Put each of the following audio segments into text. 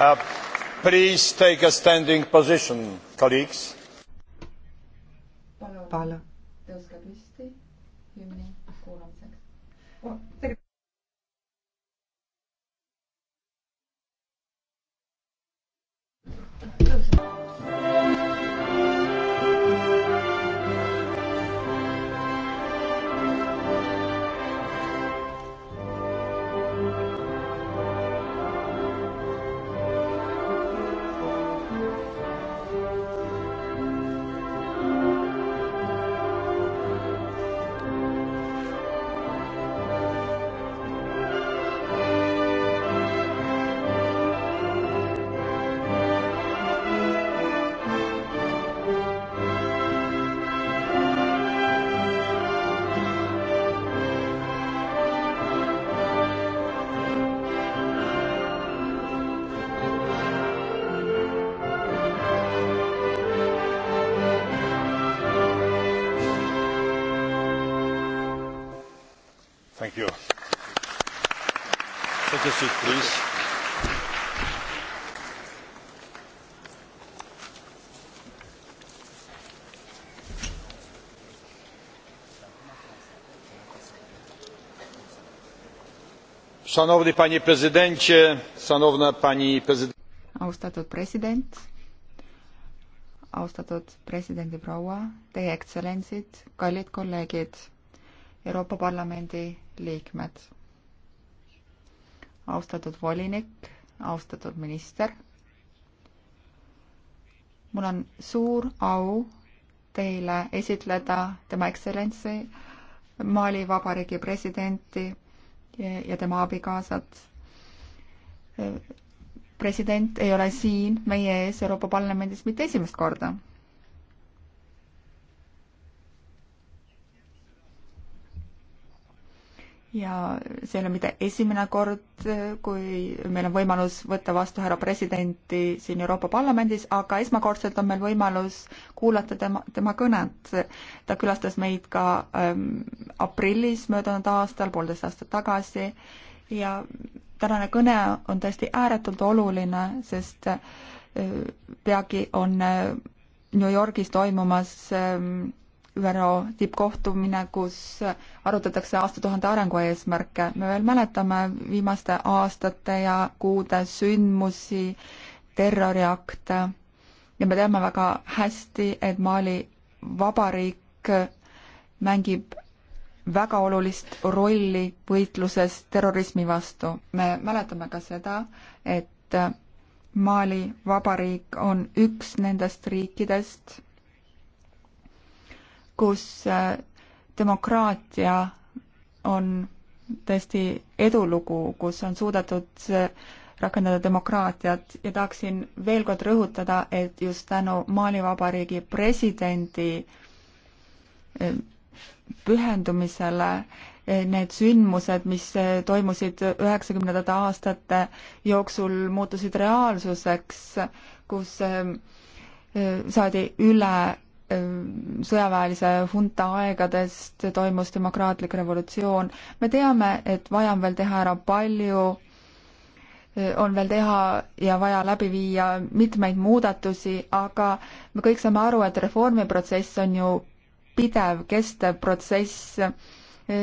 Uh, please take a standing position, colleagues. palun tõuske püsti hümni kuulamiseks. Such a seat, please. Szanowny panie prezydencie, szanowna pani prezydent. Austatud president, austatud presidendi proua, teie ekstsellentsid, kallid kolleegid, Euroopa Parlamendi liikmed austatud volinik, austatud minister. mul on suur au teile esitleda tema ekstsellentsi, Mali Vabariigi presidenti ja tema abikaasat. president ei ole siin meie ees Euroopa Parlamendis mitte esimest korda ja see ei ole mitte esimene kord, äh, kui meil on võimalus võtta vastu härra presidenti siin Euroopa Parlamendis, aga esmakordselt on meil võimalus kuulata tema, tema kõnet. ta külastas meid ka ähm, aprillis möödunud aastal, poolteist aastat tagasi ja tänane kõne on tõesti ääretult oluline, sest äh, peagi on äh, New Yorgis toimumas äh, ÜRO tippkohtumine, kus arutatakse aastatuhande arengu eesmärke. me veel mäletame viimaste aastate ja kuude sündmusi, terroriakte ja me teame väga hästi, et Mali Vabariik mängib väga olulist rolli võitluses terrorismi vastu. me mäletame ka seda, et Mali Vabariik on üks nendest riikidest, kus äh, demokraatia on tõesti edulugu, kus on suudetud äh, rakendada demokraatiat ja tahaksin veel kord rõhutada, et just tänu Mali Vabariigi presidendi äh, pühendumisele need sündmused, mis toimusid üheksakümnendate aastate jooksul, muutusid reaalsuseks, kus saadi üle Ehm, sõjaväelise hunta aegadest toimus demokraatlik revolutsioon. me teame, et vaja on veel teha ära palju, eh, on veel teha ja vaja läbi viia mitmeid muudatusi, aga me kõik saame aru, et reformiprotsess on ju pidev, kestev protsess. Eh,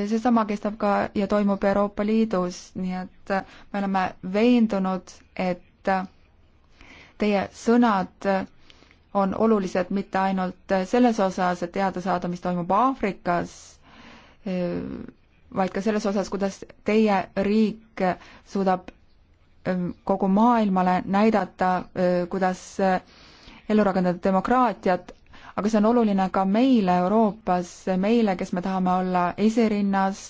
seesama kestab ka ja toimub Euroopa Liidus, nii et eh, me oleme veendunud, et teie sõnad on olulised mitte ainult selles osas, et teada saada, mis toimub Aafrikas, vaid ka selles osas, kuidas teie riik suudab ähm, kogu maailmale näidata, äh, kuidas äh, ellu rakendada demokraatiat, aga see on oluline ka meile Euroopas, meile, kes me tahame olla esirinnas,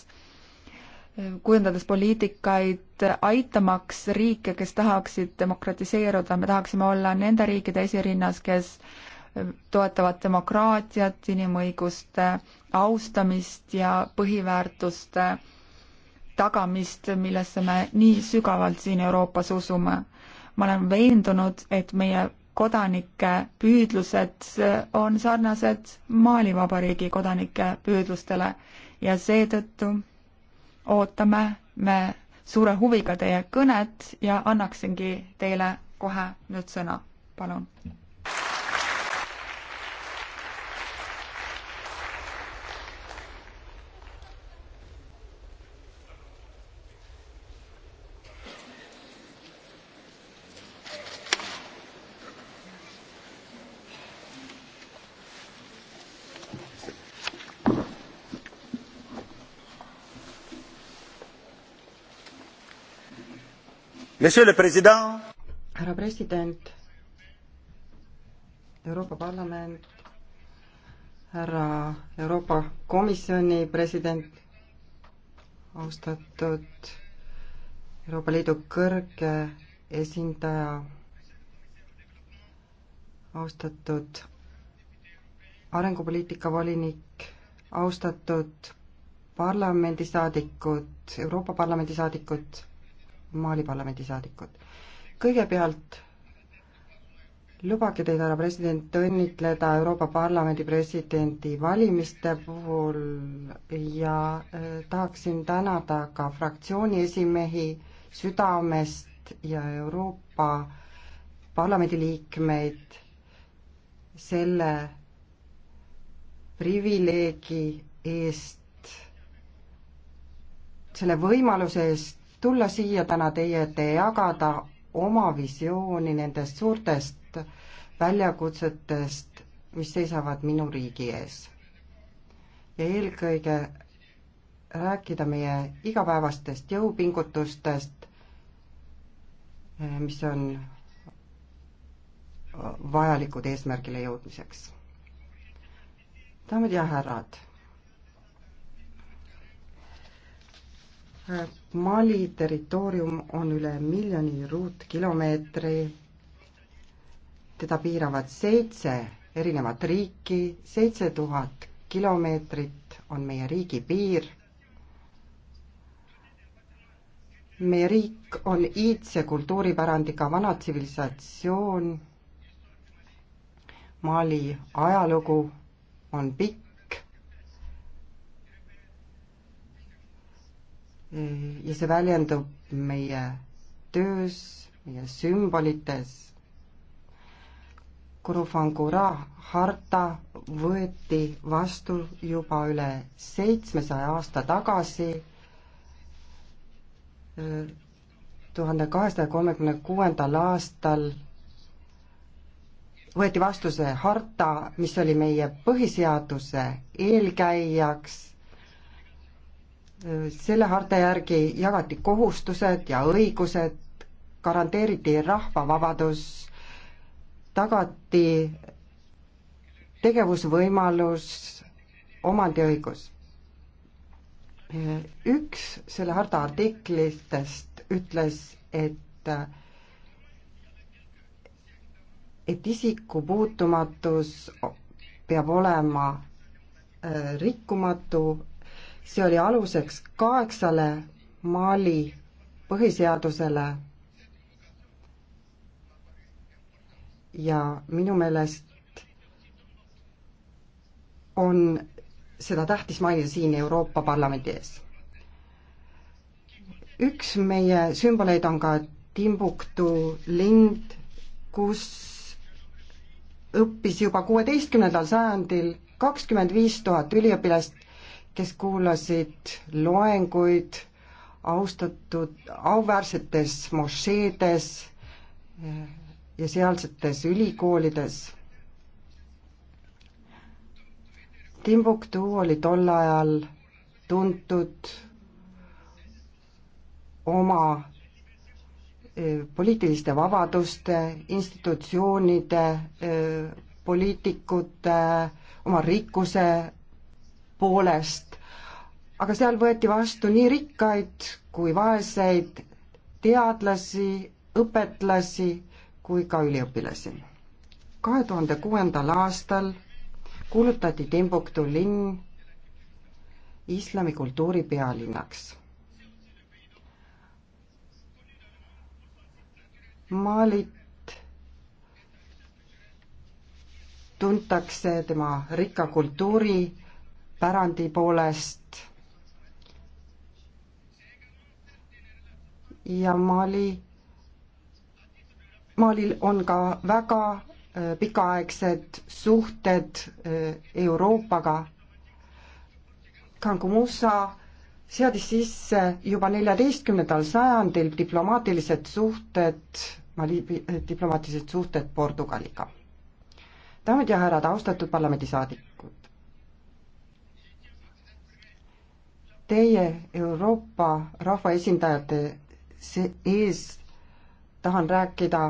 kujundades poliitikaid, aitamaks riike, kes tahaksid demokratiseeruda, me tahaksime olla nende riikide esirinnas, kes toetavad demokraatiat, inimõiguste austamist ja põhiväärtuste tagamist, millesse me nii sügavalt siin Euroopas usume. ma olen veendunud, et meie kodanike püüdlused on sarnased Mali Vabariigi kodanike püüdlustele ja seetõttu ootame me suure huviga teie kõnet ja annaksingi teile kohe nüüd sõna, palun. härra president, Euroopa Parlament, härra Euroopa Komisjoni president, austatud Euroopa Liidu kõrge esindaja, austatud arengupoliitika volinik, austatud parlamendisaadikud, Euroopa Parlamendi saadikud, Mali parlamendi saadikud. kõigepealt lubage teid, härra president, õnnitleda Euroopa Parlamendi presidendi valimiste puhul ja äh, tahaksin tänada ka fraktsiooni esimehi südamest ja Euroopa Parlamendi liikmeid selle privileegi eest, selle võimaluse eest tulla siia täna teie ette ja jagada oma visiooni nendest suurtest väljakutsetest, mis seisavad minu riigi ees. ja eelkõige rääkida meie igapäevastest jõupingutustest, mis on vajalikud eesmärgile jõudmiseks. daamid ja härrad Mali territoorium on üle miljoni ruutkilomeetri, teda piiravad seitse erinevat riiki, seitse tuhat kilomeetrit on meie riigi piir. meie riik on iidse kultuuripärandiga vana tsivilisatsioon, Mali ajalugu on pikk, ja see väljendub meie töös, meie sümbolites. Kurufangura harta võeti vastu juba üle seitsmesaja aasta tagasi, tuhande kahesaja kolmekümne kuuendal aastal võeti vastu see harta, mis oli meie põhiseaduse eelkäijaks selle harta järgi jagati kohustused ja õigused, garanteeriti rahvavabadus, tagati tegevusvõimalus, omandiõigus. üks selle harta artiklitest ütles, et et isiku puutumatus peab olema äh, rikkumatu see oli aluseks kaheksale Mali põhiseadusele. ja minu meelest on seda tähtis mainida siin Euroopa Parlamendi ees. üks meie sümboleid on ka Timbuktu lind, kus õppis juba kuueteistkümnendal sajandil kakskümmend viis tuhat üliõpilast kes kuulasid loenguid austatud auväärsetes mošeedes eh, ja sealsetes ülikoolides. Timbuktu oli tol ajal tuntud oma eh, poliitiliste vabaduste, institutsioonide, eh, poliitikute, oma rikkuse poolest, aga seal võeti vastu nii rikkaid kui vaeseid teadlasi, õpetlasi kui ka üliõpilasi. kahe tuhande kuuendal aastal kuulutati Timbuktu linn islami kultuuri pealinnaks. Malit tuntakse tema rikka kultuuri pärandi poolest. ja Mali, Malil on ka väga äh, pikaaegsed suhted äh, Euroopaga. Kangu Musa seadis sisse juba neljateistkümnendal sajandil diplomaatilised suhted, Mali äh, diplomaatilised suhted Portugaliga. daamid ja härrad, austatud parlamendisaadikud. teie Euroopa rahvaesindajate ees tahan rääkida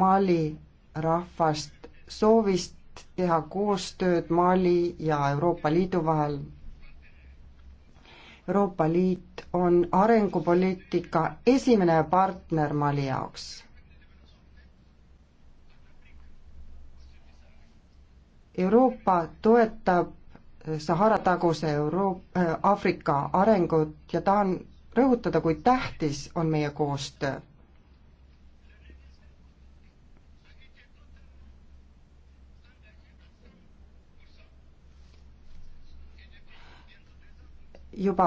Mali rahvast soovist teha koostööd Mali ja Euroopa Liidu vahel. Euroopa Liit on arengupoliitika esimene partner Mali jaoks Euroopa toetab Sahara taguse Euroopa, äh, Aafrika arengut ja tahan rõhutada, kui tähtis on meie koostöö. juba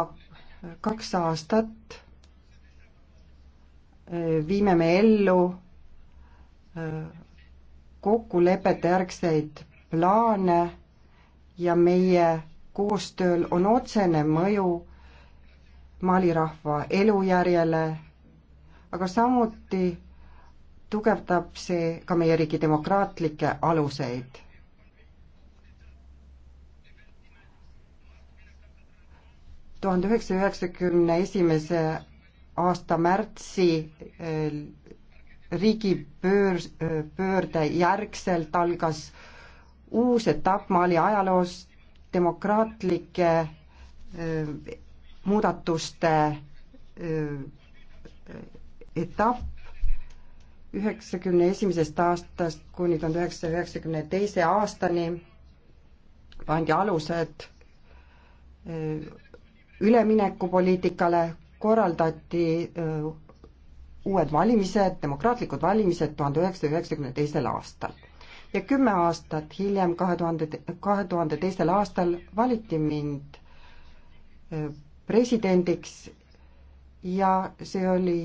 kaks aastat äh, viime me ellu äh, kokkulepete järgseid plaane ja meie koostööl on otsene mõju Mali rahva elujärjele, aga samuti tugevdab see ka meie riigi demokraatlikke aluseid. tuhande üheksasaja üheksakümne esimese aasta märtsi eh, riigipöör, pöörde järgselt algas uus etapp Mali ajaloos demokraatlike muudatuste etapp üheksakümne esimesest aastast kuni tuhande üheksasaja üheksakümne teise aastani pandi alused üleminekupoliitikale, korraldati uued valimised, demokraatlikud valimised tuhande üheksasaja üheksakümne teisel aastal ja kümme aastat hiljem, kahe tuhande, kahe tuhande teisel aastal valiti mind äh, presidendiks ja see oli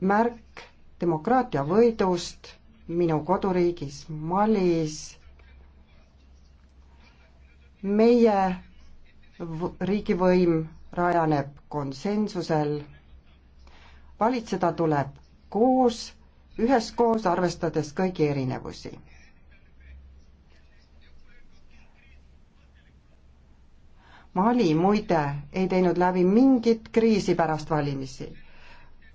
märk demokraatia võidust minu koduriigis Malis. meie riigivõim rajaneb konsensusel. valitseda tuleb koos üheskoos, arvestades kõigi erinevusi. Mali muide ei teinud läbi mingit kriisi pärast valimisi.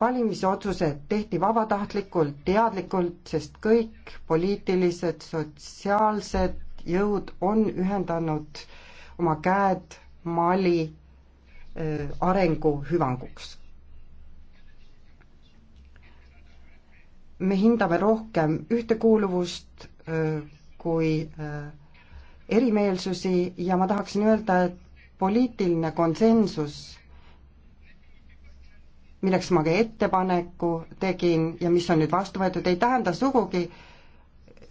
valimisotsused tehti vabatahtlikult, teadlikult, sest kõik poliitilised, sotsiaalsed jõud on ühendanud oma käed Mali äh, arengu hüvanguks me hindame rohkem ühtekuuluvust kui erimeelsusi ja ma tahaksin öelda, et poliitiline konsensus, milleks ma ka ettepaneku tegin ja mis on nüüd vastu võetud, ei tähenda sugugi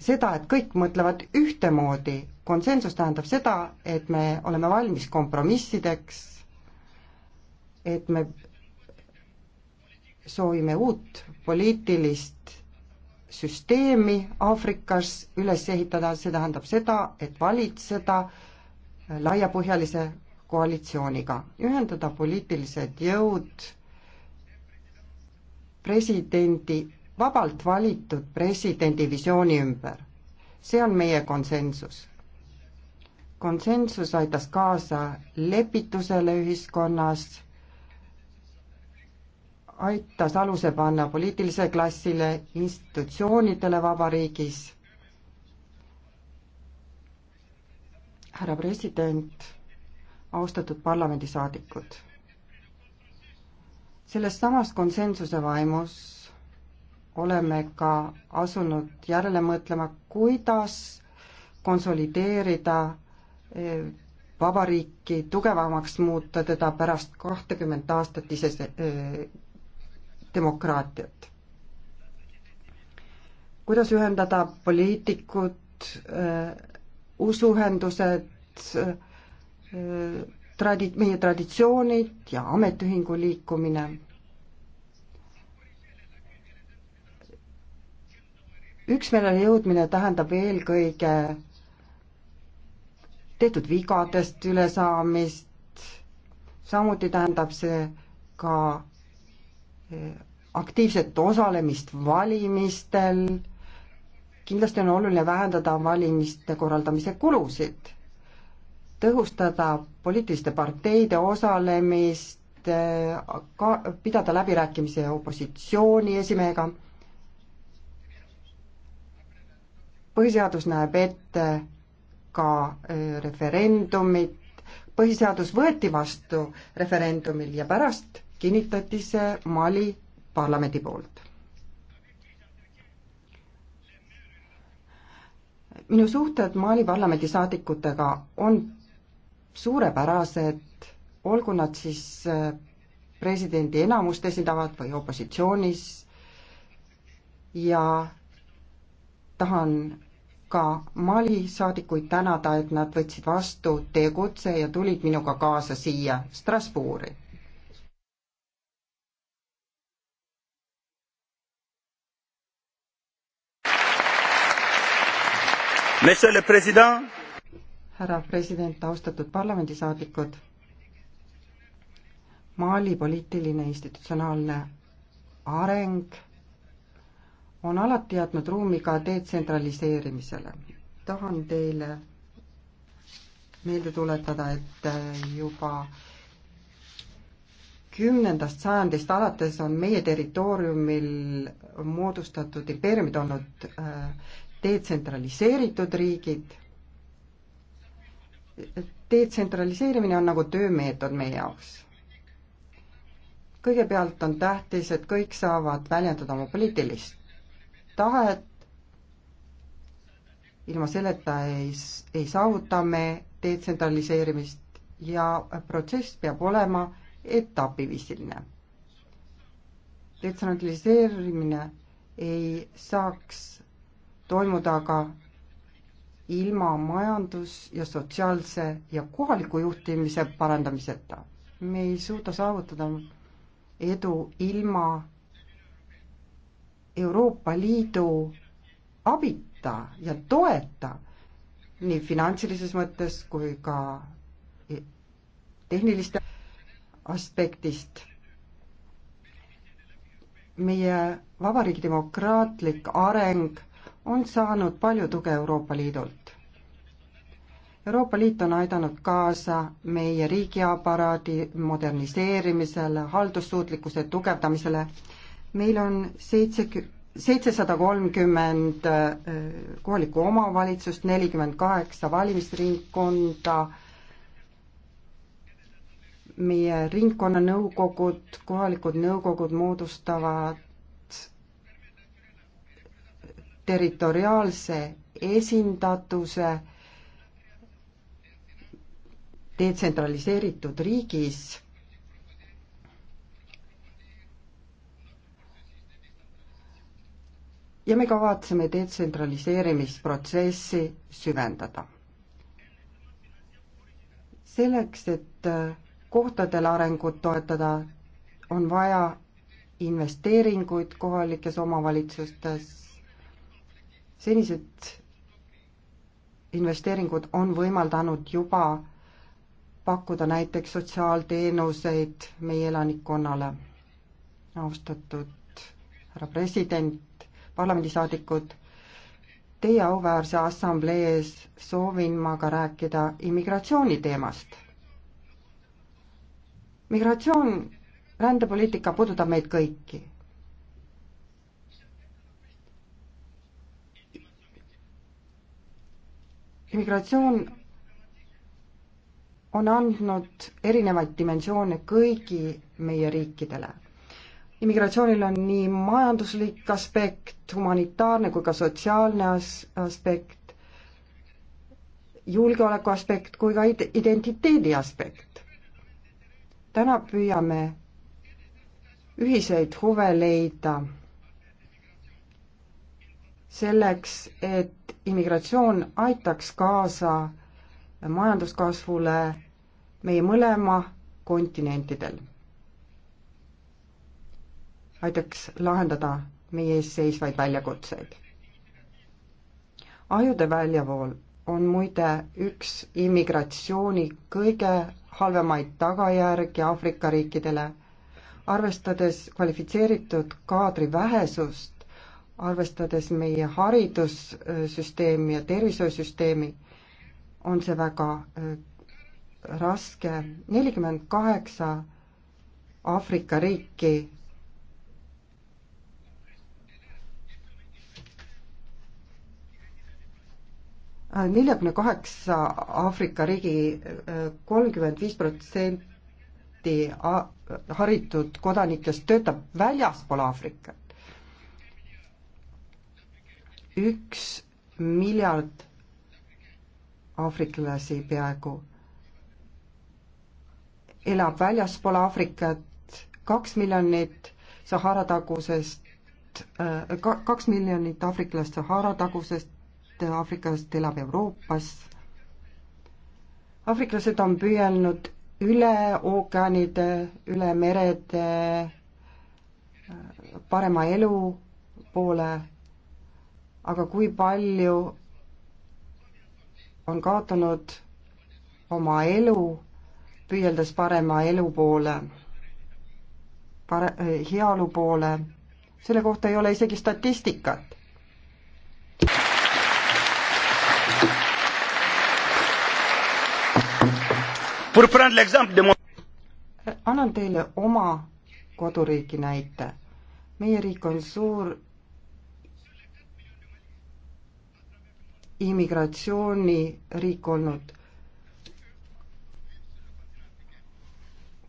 seda, et kõik mõtlevad ühtemoodi. konsensus tähendab seda, et me oleme valmis kompromissideks, et me soovime uut poliitilist süsteemi Aafrikas üles ehitada, see tähendab seda, et valitseda laiapõhjalise koalitsiooniga, ühendada poliitilised jõud presidendi, vabalt valitud presidendi visiooni ümber. see on meie konsensus. konsensus aitas kaasa lepitusele ühiskonnas aitas aluse panna poliitilisele klassile, institutsioonidele vabariigis. härra president, austatud parlamendisaadikud, selles samas konsensuse vaimus oleme ka asunud järele mõtlema, kuidas konsolideerida eh, vabariiki tugevamaks muuta teda pärast kahtekümmet aastat ise eh, demokraatiat. kuidas ühendada poliitikud, äh, usuühendused, äh, tradi-, meie traditsioonid ja ametiühingu liikumine. üksmeelele jõudmine tähendab eelkõige tehtud vigadest ülesaamist, samuti tähendab see ka äh, aktiivset osalemist valimistel, kindlasti on oluline vähendada valimiste korraldamise kulusid, tõhustada poliitiliste parteide osalemist, ka pidada läbirääkimisi opositsiooni esimehega. põhiseadus näeb ette ka e, referendumit, põhiseadus võeti vastu referendumil ja pärast kinnitati see Mali parlamendi poolt. minu suhted Mali parlamendi saadikutega on suurepärased, olgu nad siis äh, presidendi enamust esindavad või opositsioonis ja tahan ka Mali saadikuid tänada, et nad võtsid vastu teie kutse ja tulid minuga kaasa siia Strasbourgi härra president, austatud parlamendisaadikud, Mali poliitiline institutsionaalne areng on alati jätnud ruumi ka detsentraliseerimisele. tahan teile meelde tuletada, et juba kümnendast sajandist alates on meie territooriumil moodustatud impeeriumid olnud äh, detsentraliseeritud riigid. detsentraliseerimine on nagu töömeetod meie jaoks. kõigepealt on tähtis, et kõik saavad väljendada oma poliitilist tahet. ilma selleta ei, ei saavuta me detsentraliseerimist ja protsess peab olema etapiviisiline. detsentraliseerimine ei saaks toimuda aga ilma majandus- ja sotsiaalse ja kohaliku juhtimise parandamiseta. me ei suuda saavutada edu ilma Euroopa Liidu abita ja toeta nii finantsilises mõttes kui ka tehniliste aspektist. meie vabariigi demokraatlik areng on saanud palju tuge Euroopa Liidult. Euroopa Liit on aidanud kaasa meie riigiaparaadi moderniseerimisele, haldussuutlikkuse tugevdamisele. meil on seitse, seitsesada kolmkümmend äh, kohalikku omavalitsust, nelikümmend kaheksa valimisringkonda, meie ringkonnanõukogud, kohalikud nõukogud moodustavad territoriaalse esindatuse detsentraliseeritud riigis ja me kavatseme detsentraliseerimisprotsessi süvendada. selleks, et äh, kohtadele arengut toetada, on vaja investeeringuid kohalikes omavalitsustes senised investeeringud on võimaldanud juba pakkuda näiteks sotsiaalteenuseid meie elanikkonnale. austatud härra president, parlamendisaadikud, teie auväärse assamblee ees soovin ma ka rääkida immigratsiooni teemast. migratsioon, rändepoliitika puudutab meid kõiki immigratsioon on andnud erinevaid dimensioone kõigi meie riikidele. immigratsioonil on nii majanduslik aspekt, humanitaarne kui ka sotsiaalne as-, aspekt, julgeoleku aspekt kui ka identiteedi aspekt. täna püüame ühiseid huve leida selleks, et immigratsioon aitaks kaasa majanduskasvule meie mõlema kontinentidel. aitaks lahendada meie ees seisvaid väljakutseid. ajude väljavool on muide üks immigratsiooni kõige halvemaid tagajärgi Aafrika riikidele. arvestades kvalifitseeritud kaadri vähesust, arvestades meie haridussüsteemi ja tervishoiusüsteemi, on see väga äh, raske. nelikümmend kaheksa Aafrika riiki äh, neljakümne kaheksa Aafrika riigi äh, kolmkümmend viis protsenti haritud kodanikest töötab väljaspool Aafrikat üks miljard aafriklasi peaaegu elab väljaspool Aafrikat, kaks miljonit Sahara tagusest, äh, kaks miljonit aafriklast Sahara tagusest Aafrikast elab Euroopas. aafriklased on püüelnud üle ookeanide, üle merede äh, parema elu poole aga kui palju on kaotanud oma elu, püüeldes parema elu poole, pare-, eh, heaolu poole, selle kohta ei ole isegi statistikat. annan teile oma koduriigi näite. meie riik on suur immigratsiooniriik olnud.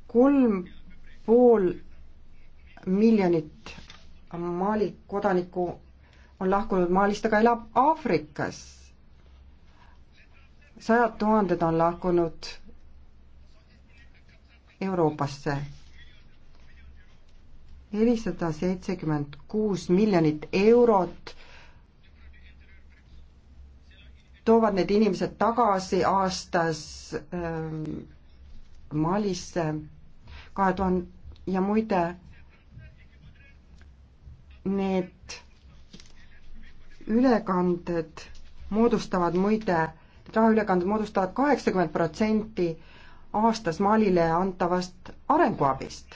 kolm pool miljonit Mali kodanikku on lahkunud Malist, aga elab Aafrikas. sajad tuhanded on lahkunud Euroopasse. nelisada seitsekümmend kuus miljonit eurot toovad need inimesed tagasi aastas ähm, Malisse kahe tuhande ja muide need ülekanded moodustavad muide, need rahaülekanded moodustavad kaheksakümmend protsenti aastas Malile antavast arenguabist.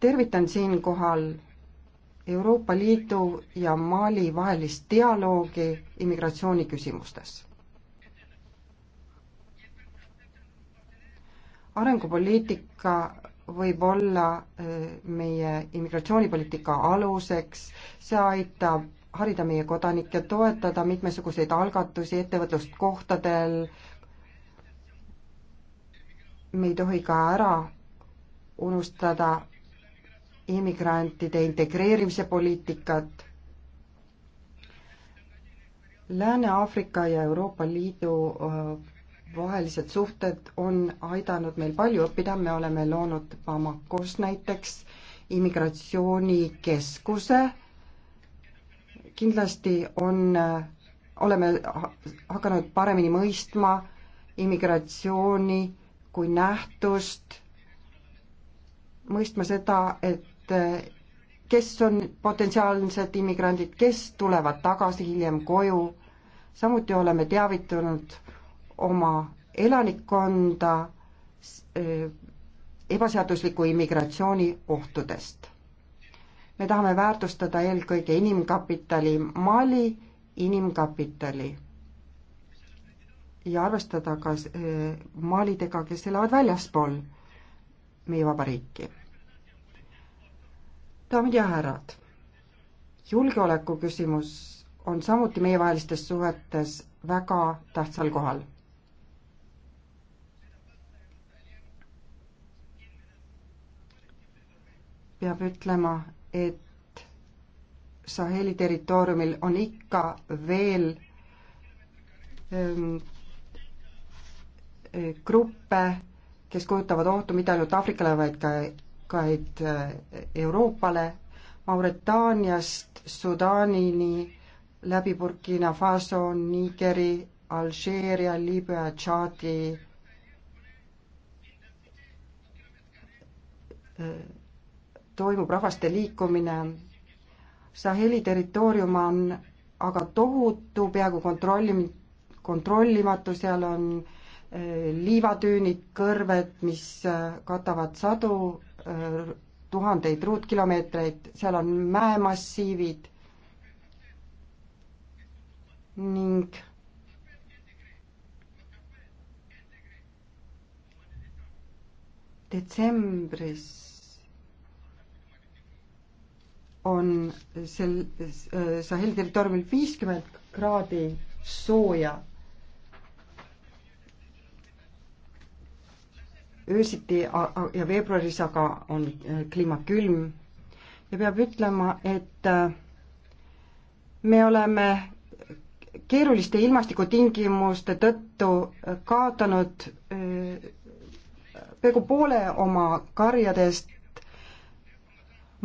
tervitan siinkohal Euroopa Liidu ja Mali vahelist dialoogi immigratsiooniküsimustes. arengupoliitika võib olla äh, meie immigratsioonipoliitika aluseks, see aitab harida meie kodanikke, toetada mitmesuguseid algatusi ettevõtlust kohtadel, me ei tohi ka ära unustada immigrantide integreerimise poliitikat. Lääne-Aafrika ja Euroopa Liidu äh, vahelised suhted on aidanud meil palju õppida, me oleme loonud Bamakos näiteks immigratsioonikeskuse. kindlasti on, äh, oleme hakanud paremini mõistma immigratsiooni kui nähtust, mõistma seda, et kes on potentsiaalsed immigrandid, kes tulevad tagasi hiljem koju. samuti oleme teavitanud oma elanikkonda e, ebaseadusliku immigratsiooni ohtudest. me tahame väärtustada eelkõige inimkapitali, Mali inimkapitali ja arvestada ka e, maalidega, kes elavad väljaspool meie vabariiki daamid ja härrad, julgeoleku küsimus on samuti meievahelistes suhetes väga tähtsal kohal. peab ütlema, et Saheli territooriumil on ikka veel ähm, äh, gruppe, kes kujutavad ohtu mitte ainult Aafrikale, vaid ka tülgaid äh, Euroopale Mauretaaniast Sudaanini läbi Burkina Faso, Nigeri, Alžeeria, Liibüa, Tšaadi. Äh, toimub rahvaste liikumine. Saheli territoorium on aga tohutu, peaaegu kontrolli, kontrollimatu, seal on äh, liivatüünid, kõrved, mis katavad sadu tuhandeid ruutkilomeetreid, seal on mäemassiivid ning detsembris on sel äh, Saheli territooriumil viiskümmend kraadi sooja öösiti ja veebruaris aga on äh, kliima külm ja peab ütlema, et äh, me oleme keeruliste ilmastikutingimuste tõttu äh, kaotanud peaaegu poole oma karjadest.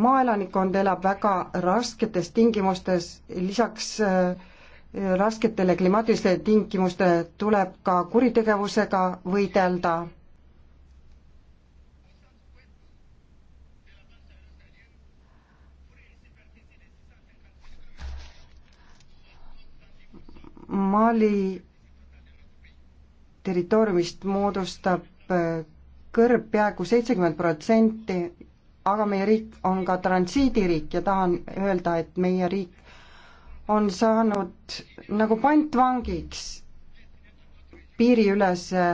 maaelanikkond elab väga rasketes tingimustes, lisaks rasketele klimaatilistele tingimustele tuleb ka kuritegevusega võidelda Mali territooriumist moodustab äh, kõrb peaaegu seitsekümmend protsenti, aga meie riik on ka transiidiriik ja tahan öelda, et meie riik on saanud nagu pantvangiks piiriülese,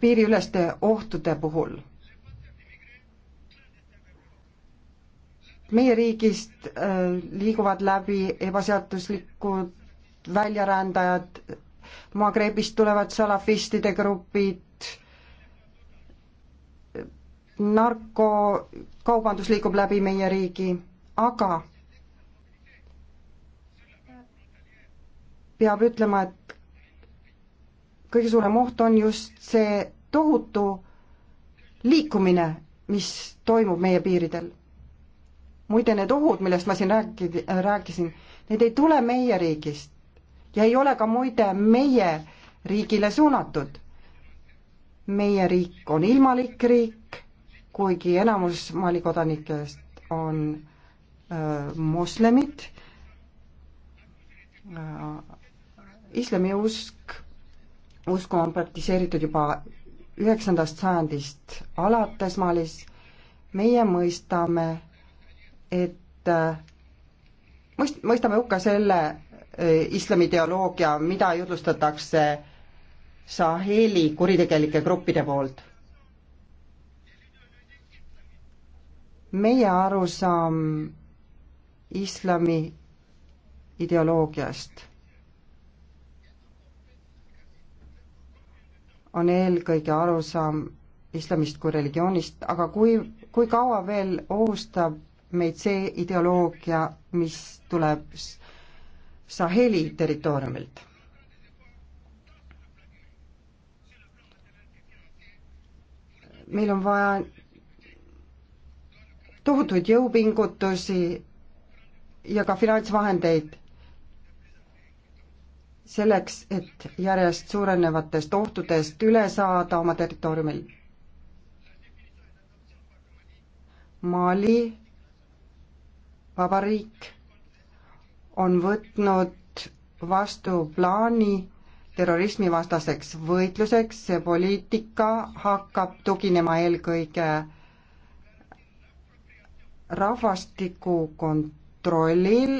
piiriüleste ohtude puhul meie riigist äh, liiguvad läbi ebaseaduslikud väljarändajad, Magrebist tulevad salafistide grupid, narkokaubandus liigub läbi meie riigi, aga peab ütlema, et kõige suurem oht on just see tohutu liikumine, mis toimub meie piiridel muide, need ohud, millest ma siin rääki-, rääkisin, need ei tule meie riigist ja ei ole ka muide meie riigile suunatud. meie riik on ilmalik riik, kuigi enamus Mali kodanikest on äh, moslemid äh,. islamiusk, usku on praktiseeritud juba üheksandast sajandist alates Malis. meie mõistame et äh, mõist-, mõistame hukka selle äh, islamiteoloogia, mida jutlustatakse Saheli kuritegelike gruppide poolt. meie arusaam islami ideoloogiast on eelkõige arusaam islamist kui religioonist, aga kui, kui kaua veel ohustab meid see ideoloogia, mis tuleb Saheli territooriumilt. meil on vaja tohutuid jõupingutusi ja ka finantsvahendeid selleks, et järjest suurenevatest ohtudest üle saada oma territooriumil. Mali Vabariik on võtnud vastu plaani terrorismivastaseks võitluseks, see poliitika hakkab tuginema eelkõige rahvastiku kontrollil,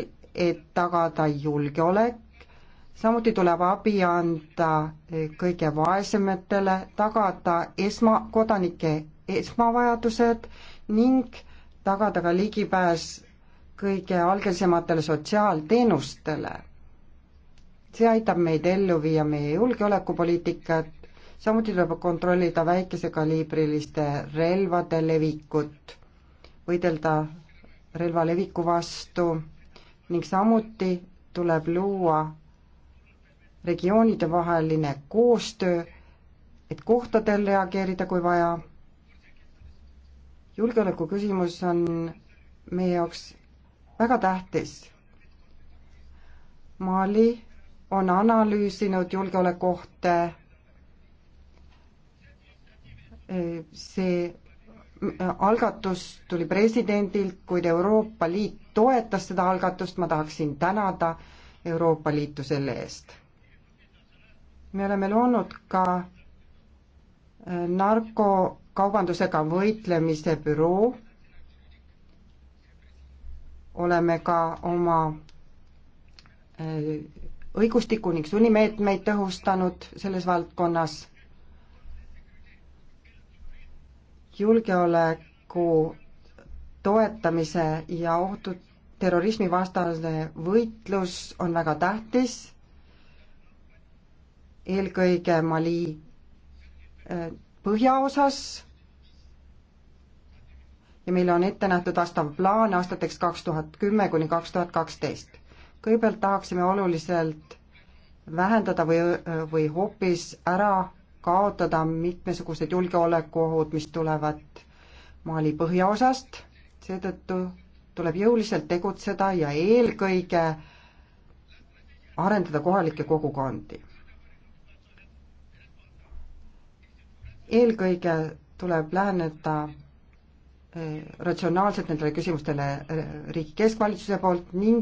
et tagada julgeolek, samuti tuleb abi anda kõige vaesematele, tagada esma, kodanike esmavajadused ning tagada ka ligipääs kõige algelisematele sotsiaalteenustele. see aitab meid ellu viia meie julgeolekupoliitikat, samuti tuleb kontrollida väikesekaliibriliste relvade levikut, võidelda relva leviku vastu ning samuti tuleb luua regioonide vaheline koostöö, et kohtadel reageerida, kui vaja. julgeoleku küsimus on meie jaoks väga tähtis. Mali on analüüsinud julgeolekuohte. see algatus tuli presidendilt, kuid Euroopa Liit toetas seda algatust, ma tahaksin tänada Euroopa Liitu selle eest. me oleme loonud ka narkokaubandusega võitlemise büroo oleme ka oma äh, õigustiku ning sunnimeetmeid tõhustanud selles valdkonnas. julgeoleku toetamise ja ohtu terrorismivastane võitlus on väga tähtis, eelkõige Mali äh, põhjaosas ja meil on ette nähtud vastav plaan aastateks kaks tuhat kümme kuni kaks tuhat kaksteist. kõigepealt tahaksime oluliselt vähendada või, või hoopis ära kaotada mitmesugused julgeolekuohud, mis tulevad Mali põhjaosast, seetõttu tuleb jõuliselt tegutseda ja eelkõige arendada kohalikke kogukondi. eelkõige tuleb läheneda Äh, ratsionaalselt nendele küsimustele äh, riigi keskvalitsuse poolt ning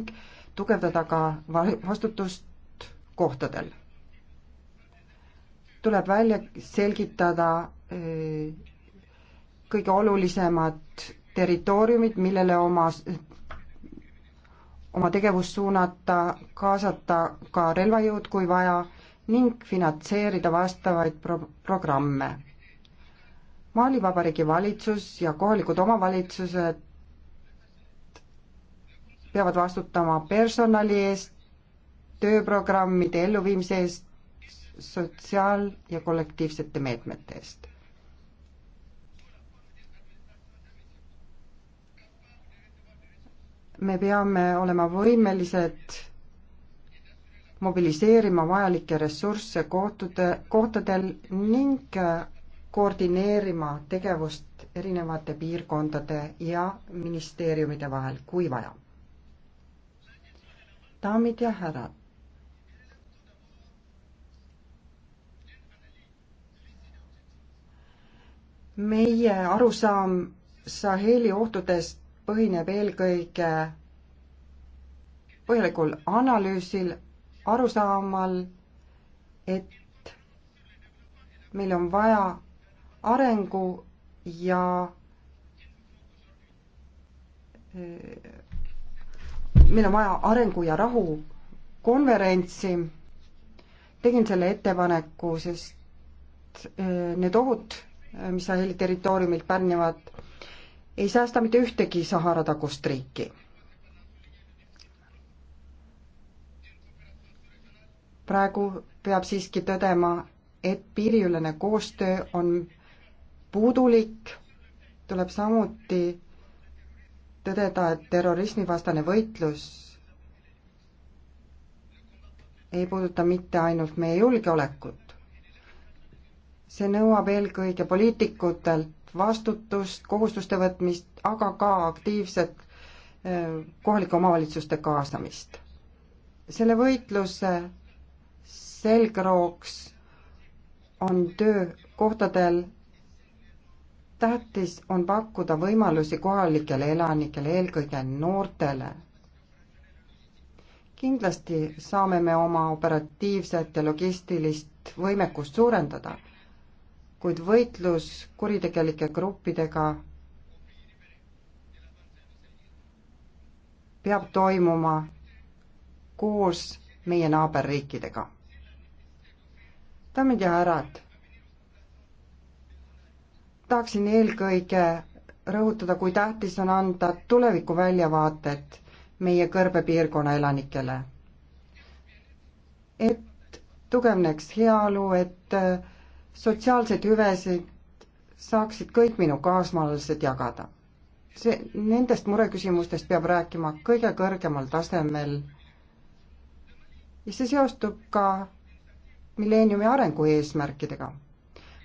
tugevdada ka vastutust kohtadel. tuleb välja selgitada äh, kõige olulisemad territooriumid, millele oma, oma tegevust suunata, kaasata ka relvajõud, kui vaja, ning finantseerida vastavaid pro-, programme Mali Vabariigi valitsus ja kohalikud omavalitsused peavad vastutama personali eest, tööprogrammide elluviimise eest, sotsiaal- ja kollektiivsete meetmete eest. me peame olema võimelised mobiliseerima vajalikke ressursse kohtade, kohtadel ning koordineerima tegevust erinevate piirkondade ja ministeeriumide vahel, kui vaja. daamid ja härrad, meie arusaam Saheli ohtudest põhineb eelkõige põhjalikul analüüsil, arusaamal, et meil on vaja arengu ja eh, meil on vaja arengu ja rahu konverentsi. tegin selle ettepaneku, sest eh, need ohud, eh, mis Saheli territooriumilt pärnivad, ei säästa mitte ühtegi Sahara tagust riiki. praegu peab siiski tõdema, et piiriülene koostöö on puudulik, tuleb samuti tõdeda, et terrorismivastane võitlus ei puuduta mitte ainult meie julgeolekut. see nõuab eelkõige poliitikutelt vastutust, kohustuste võtmist, aga ka aktiivset eh, kohalike omavalitsuste kaasamist. selle võitluse selgrooks on töökohtadel tähtis on pakkuda võimalusi kohalikele elanikele, eelkõige noortele. kindlasti saame me oma operatiivset ja logistilist võimekust suurendada, kuid võitlus kuritegelike gruppidega peab toimuma koos meie naaberriikidega. daamid ja härrad tahaksin eelkõige rõhutada, kui tähtis on anda tulevikuväljavaated meie kõrbepiirkonna elanikele. et tugevneks heaolu, et äh, sotsiaalseid hüvesid saaksid kõik minu kaasmaalased jagada. see, nendest mureküsimustest peab rääkima kõige kõrgemal tasemel ja see seostub ka milleeniumi arengu eesmärkidega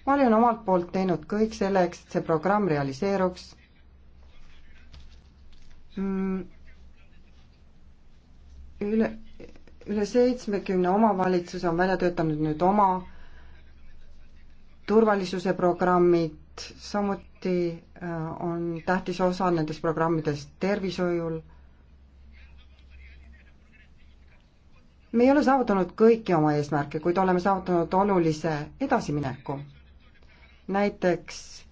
ma olen omalt poolt teinud kõik selleks, et see programm realiseeruks mm. üle, üle seitsmekümne omavalitsuse on välja töötanud nüüd oma turvalisuse programmid, samuti äh, on tähtis osa nendest programmidest tervishoiul. me ei ole saavutanud kõiki oma eesmärke, kuid oleme saavutanud olulise edasimineku näiteks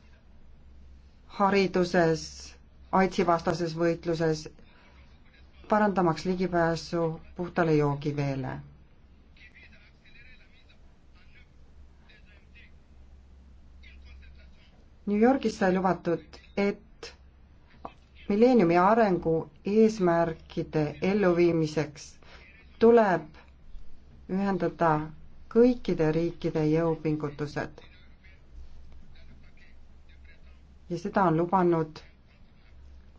hariduses, AIDSi vastases võitluses, parandamaks ligipääsu puhtale joogiveele. New Yorgis sai lubatud, et milleeniumi arengu eesmärkide elluviimiseks tuleb ühendada kõikide riikide jõupingutused ja seda on lubanud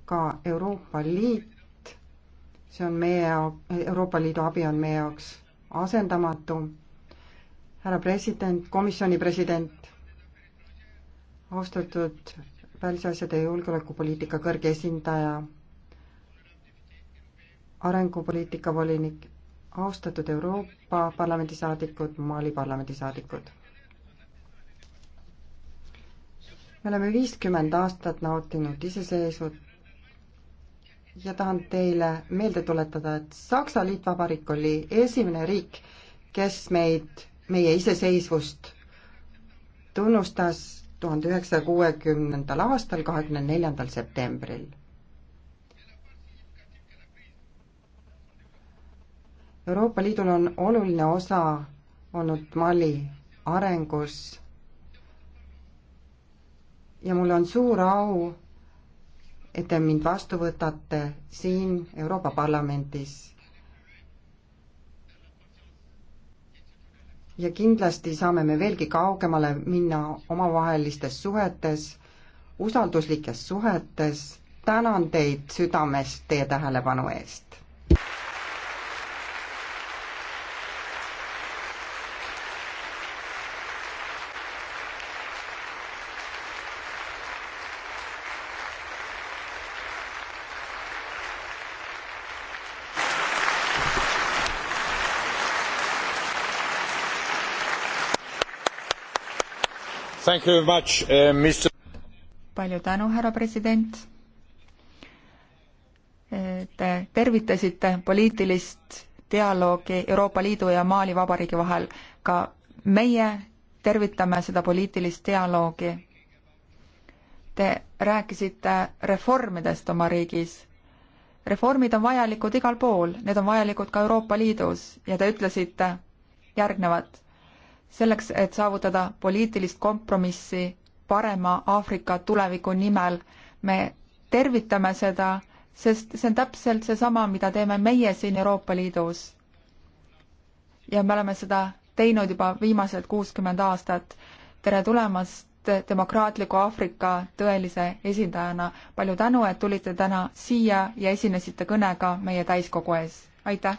ka Euroopa Liit, see on meie, Euroopa Liidu abi on meie jaoks asendamatu. härra president, komisjoni president, austatud välisasjade ja julgeolekupoliitika kõrge esindaja, arengupoliitika volinik, austatud Euroopa Parlamendi saadikud, Mali parlamendi saadikud me oleme viiskümmend aastat nautinud iseseisvut ja tahan teile meelde tuletada, et Saksa Liitvabariik oli esimene riik, kes meid, meie iseseisvust tunnustas tuhande üheksasaja kuuekümnendal aastal, kahekümne neljandal septembril. Euroopa Liidul on oluline osa olnud Mali arengus ja mul on suur au, et te mind vastu võtate siin Euroopa Parlamendis. ja kindlasti saame me veelgi kaugemale minna omavahelistes suhetes, usalduslikes suhetes. tänan teid südamest teie tähelepanu eest! Much, uh, palju tänu, härra president. Eh, te tervitasite poliitilist dialoogi Euroopa Liidu ja Mali Vabariigi vahel. ka meie tervitame seda poliitilist dialoogi. Te rääkisite reformidest oma riigis. reformid on vajalikud igal pool, need on vajalikud ka Euroopa Liidus ja te ütlesite järgnevat selleks, et saavutada poliitilist kompromissi parema Aafrika tuleviku nimel. me tervitame seda, sest see on täpselt seesama, mida teeme meie siin Euroopa Liidus. ja me oleme seda teinud juba viimased kuuskümmend aastat. tere tulemast demokraatliku Aafrika tõelise esindajana. palju tänu, et tulite täna siia ja esinesite kõnega meie täiskogu ees. aitäh!